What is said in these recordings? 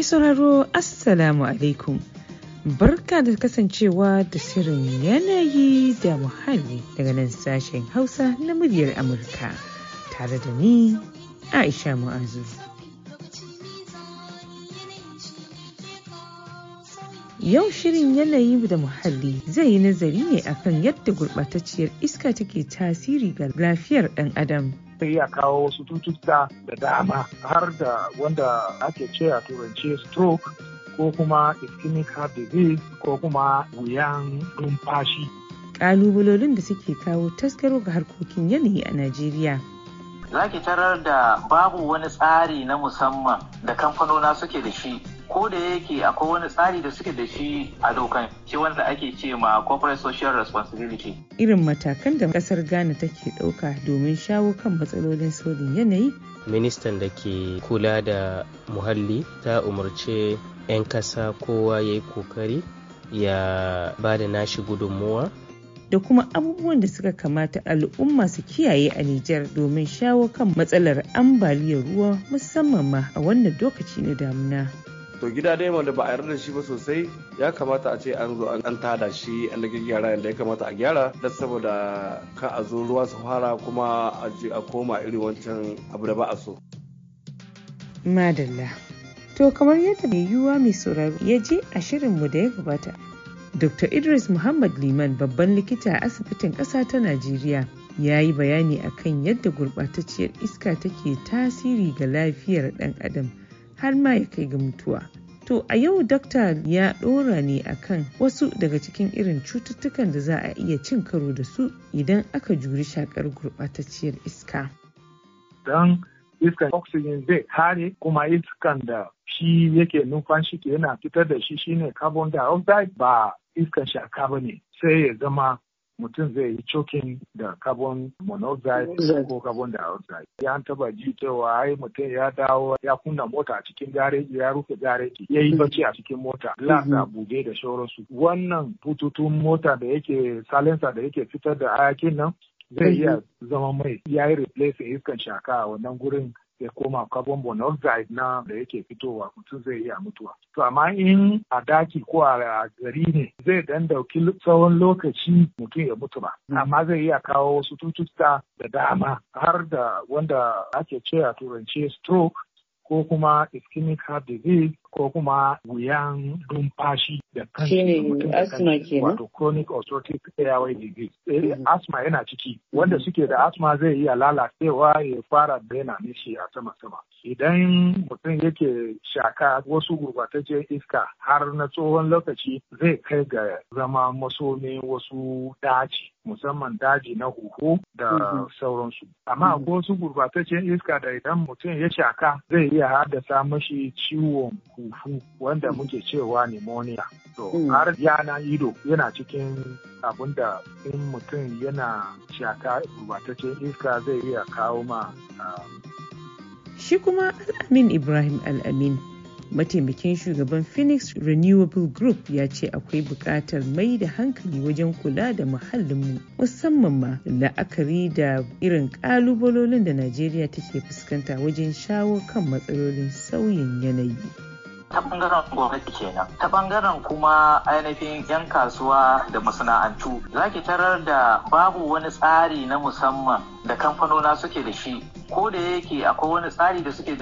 Mai sauraro Assalamu alaikum. Barka da kasancewa da shirin yanayi da muhalli daga nan sashen Hausa na muryar Amurka tare da ni Aisha Mu'azu. Yau shirin yanayi da muhalli zai yi nazari ne akan yadda gurɓatacciyar iska take tasiri ga lafiyar ɗan adam. sai ya kawo wasu tututta da dama har da wanda ake ce a turance stroke ko kuma ischemic heart disease ko kuma wuyan numfashi. Ƙalubalolin da suke kawo taskaro ga harkokin yanayi a Najeriya za ki tarar da babu wani tsari na musamman da kamfanona suke da shi ko da yake akwai wani tsari da suke da shi a dokan shi wanda ake ce ma corporate social responsibility irin matakan da kasar ghana take ɗauka domin shawo kan matsalolin sauyin yanayi ministan da ke kula da muhalli ta umarce 'yan kasa kowa ya yi kokari ya ba da nashi gudunmuwa da kuma abubuwan da suka kamata al'umma su kiyaye a Nijar domin shawo kan matsalar ambaliyar ruwa musamman ma a wannan lokaci na damuna. to gida dai wanda ba a yarda da shi ba sosai ya kamata a ce an zo an tada shi an dage gyara yadda ya kamata a gyara da saboda ka a zo ruwa su fara kuma a koma irin wancan abu da ba a so. madalla to kamar yadda mai yiwuwa mai sauraro ya je a shirinmu da ya gabata Dr. Idris Muhammad Liman babban likita a asibitin ƙasa ta Najeriya ya yi bayani akan yadda gurɓatacciyar iska take tasiri ga lafiyar ɗan adam har ma ya kai ga mutuwa. To a yau dakta ya ɗora ne akan wasu daga cikin irin cututtukan da za a iya cin karo da su idan aka juri shakar gurɓatacciyar iska. Don iskan oxygen zai kare kuma iskan da shi yake numfashi ke yana fitar da shi shine carbon dioxide ba iskan shaka ba ne sai ya zama mutum zai yi cokin da carbon monoxide ko carbon dioxide ya taba ji cewa ai mutum ya dawo ya kunna mota a cikin gareji ya rufe gareji ya yi bacci a cikin mota glass a mm-hmm. buge da shauransu wannan bututun mota da yake salensa da yake fitar da hayakin nan zai iya zama mai ya yi replace iskan shaka a wannan gurin ya koma carbon monoxide na da yake fitowa mutum zai iya mutuwa. To amma in a daki ko a gari ne zai dan dauki tsawon lokaci mutum ya mutu ba. Hmm. Amma zai iya kawo wasu cututtuka da dama har da wanda ake ce a turance stroke ko kuma ischemic heart disease ko kuma wuyan numfashi da kanshi asma kenan wato chronic obstructive airway disease eh, asma yana ciki wanda suke da asma zai iya lalacewa ya fara daina nishi a sama sama idan mutum yake shaka wasu gurbataccen iska har na tsohon lokaci zai kai ga zama masomin wasu daji musamman daji na huhu da mm-hmm. sauransu amma mm-hmm. wasu gurbataccen iska da idan mutum ya shaka zai iya haddasa mashi ciwon wanda hmm. muke cewa pneumonia. To, hmm. har yana ido yana cikin abin da in mutum yana shaka gubataccen iska zai iya kawo ma. Ah, Shi kuma Al'amin Ibrahim Al'amin mataimakin shugaban phoenix renewable group ya ce akwai buƙatar mai da hankali wajen kula da muhallinmu musamman ma la'akari da irin ƙalubalolin da najeriya take fuskanta wajen shawo kan matsalolin sauyin yanayi ta bangaren gwamnati kenan ta bangaren kuma ainihin yan kasuwa da masana'antu za ki tarar da babu wani tsari na musamman da kamfanona suke da shi ko da yake akwai wani tsari da suke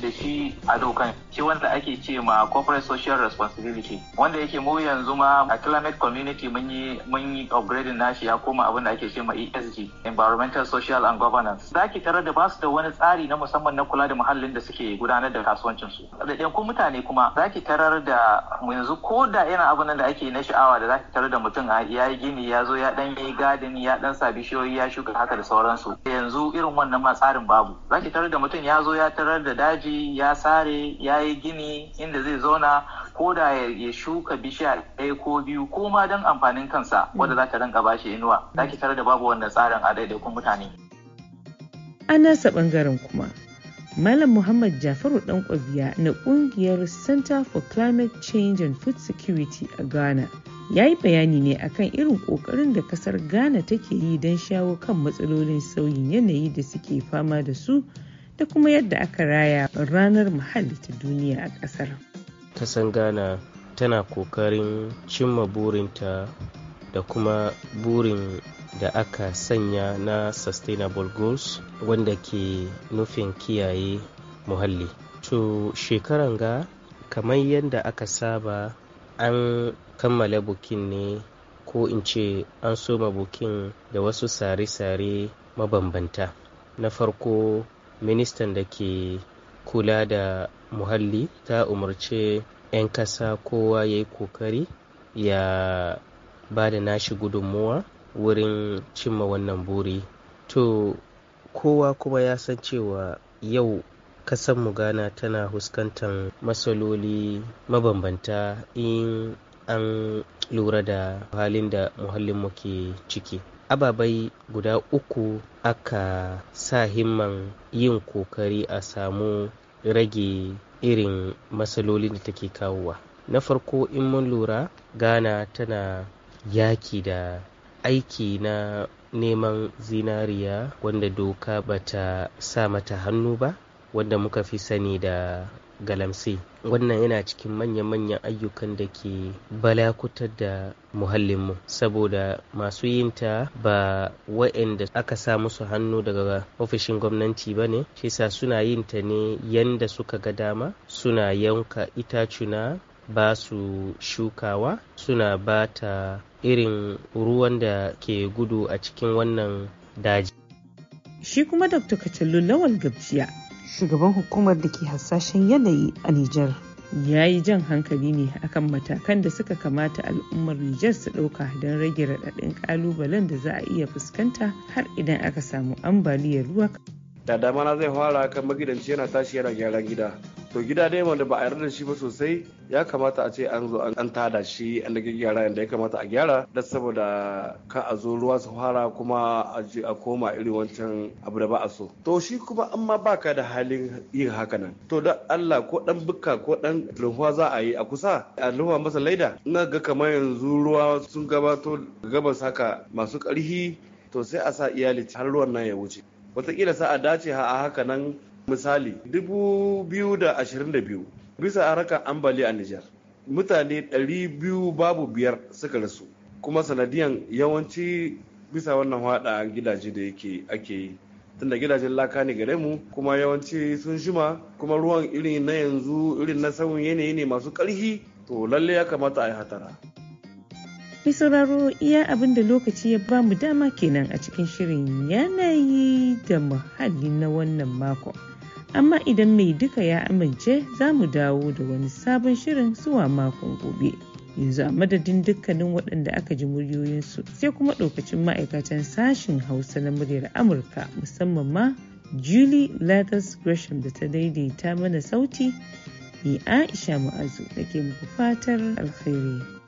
da shi a dokan shi wanda ake ce ma corporate social responsibility wanda yake mu yanzu ma a climate community mun yi mun yi upgrading nashi ya koma abin da ake ce ma ESG environmental social and governance zaki tarar da basu da wani tsari na musamman na kula da muhallin da suke gudanar da kasuwancin su da ku mutane kuma zaki tarar da yanzu ko da yana abin da ake na sha'awa da zaki tarar da mutum ya yi gini ya zo ya dan yi gadin ya dan sa bishiyoyi ya shuka haka da sauransu yanzu irin wannan ma tsarin tarin babu za ki tarar da mutum ya zo ya tarar da daji ya sare ya yi gini inda zai zauna ko da ya shuka bishiya ɗaya ko biyu ko ma don amfanin kansa mm. wanda za ta rinka bashi inuwa mm. za ki tarar da babu wannan tsarin a daidaikun mutane. an nasa ɓangaren kuma Malam Muhammad Jafaru Dankwabiya na ƙungiyar Center for Climate Change and Food Security a Ghana ya yi bayani ne akan irin ƙoƙarin da ƙasar Ghana take yi don shawo kan matsalolin sauyin yanayi da suke fama da su da kuma yadda aka raya ranar muhalli ta duniya a ƙasar. Kasan Ghana tana kokarin cimma burinta da kuma burin da aka sanya na sustainable goals wanda ke nufin kiyaye muhalli to shekaran ga kamar yadda aka saba an kammala bukin ne ko in ce an soma bukin da wasu sare-sare mabambanta na farko ministan da ke kula da muhalli ta umarce 'yan kasa kowa ya yi kokari ya ba da nashi gudunmuwa wurin cimma wannan buri to kowa kuma ya san cewa yau mu ghana tana huskantan matsaloli mabambanta in an lura da halin da muhallin muke ciki ababai guda uku aka sa himman yin kokari a samu rage irin matsaloli da take kawowa na farko in mun lura ghana tana yaki da aiki na neman zinariya wanda doka bata sa mata hannu ba wanda muka fi sani da galamsi wannan yana cikin manya-manyan ayyukan da ke balakutar da muhallinmu saboda masu yinta ba wa'anda aka sa musu hannu daga ofishin gwamnati ba ne shi suna yin ta ne yanda suka ga dama suna yanka itacuna ba su shukawa suna ba ta irin ruwan da ke gudu a cikin wannan daji. Shi kuma Dr. Katallu Lawal Gabciya. Shugaban hukumar da ke hasashen yanayi a Nijar. Ya yi jan hankali ne akan matakan da suka kamata al'ummar Nijar su ɗauka don rage raɗaɗin ƙalubalen da za a iya fuskanta har idan aka samu ambaliyar ruwa da dama na zai fara kan magidanci yana tashi yana gyaran gida to gida dai wanda ba a yarda da shi ba sosai ya kamata a ce an zo an tada shi an da gyara yadda ya kamata a gyara da saboda ka a zo ruwa su fara kuma a je a koma irin wancan abu da ba a so to shi kuma an ma baka da halin yin haka nan to da Allah ko dan bukka ko dan ruwa za a yi a kusa a ruwa masa laida ina ga kamar yanzu ruwa sun gabato gabas haka masu karhi to sai a sa iyali har ruwan nan ya wuce watakila sa a dace a haka nan misali 2022 bisa harkar ambali a Nijar mutane 200 babu biyar suka rasu kuma sanadiyan yawanci bisa wannan hada gidaje da yake ake yi tunda gidajen laka ne gare mu kuma yawanci sun shima kuma ruwan irin na yanzu irin na sauyin yanayi ne masu ƙarfi to lalle ya kamata a yi hatara. Mai sauraro iya abin da lokaci ya ba mu dama kenan a cikin shirin yanayi da muhalli na wannan mako. Amma idan mai duka ya amince za mu dawo da wani sabon shirin zuwa makon gobe. Yanzu a madadin dukkanin waɗanda aka ji muryoyinsu sai kuma ɗaukacin ma'aikatan sashen Hausa na muryar Amurka musamman ma Julie Lathers Gresham da ta daidaita mana sauti, ni Aisha Ma'azu da ke muku fatar alkhairi.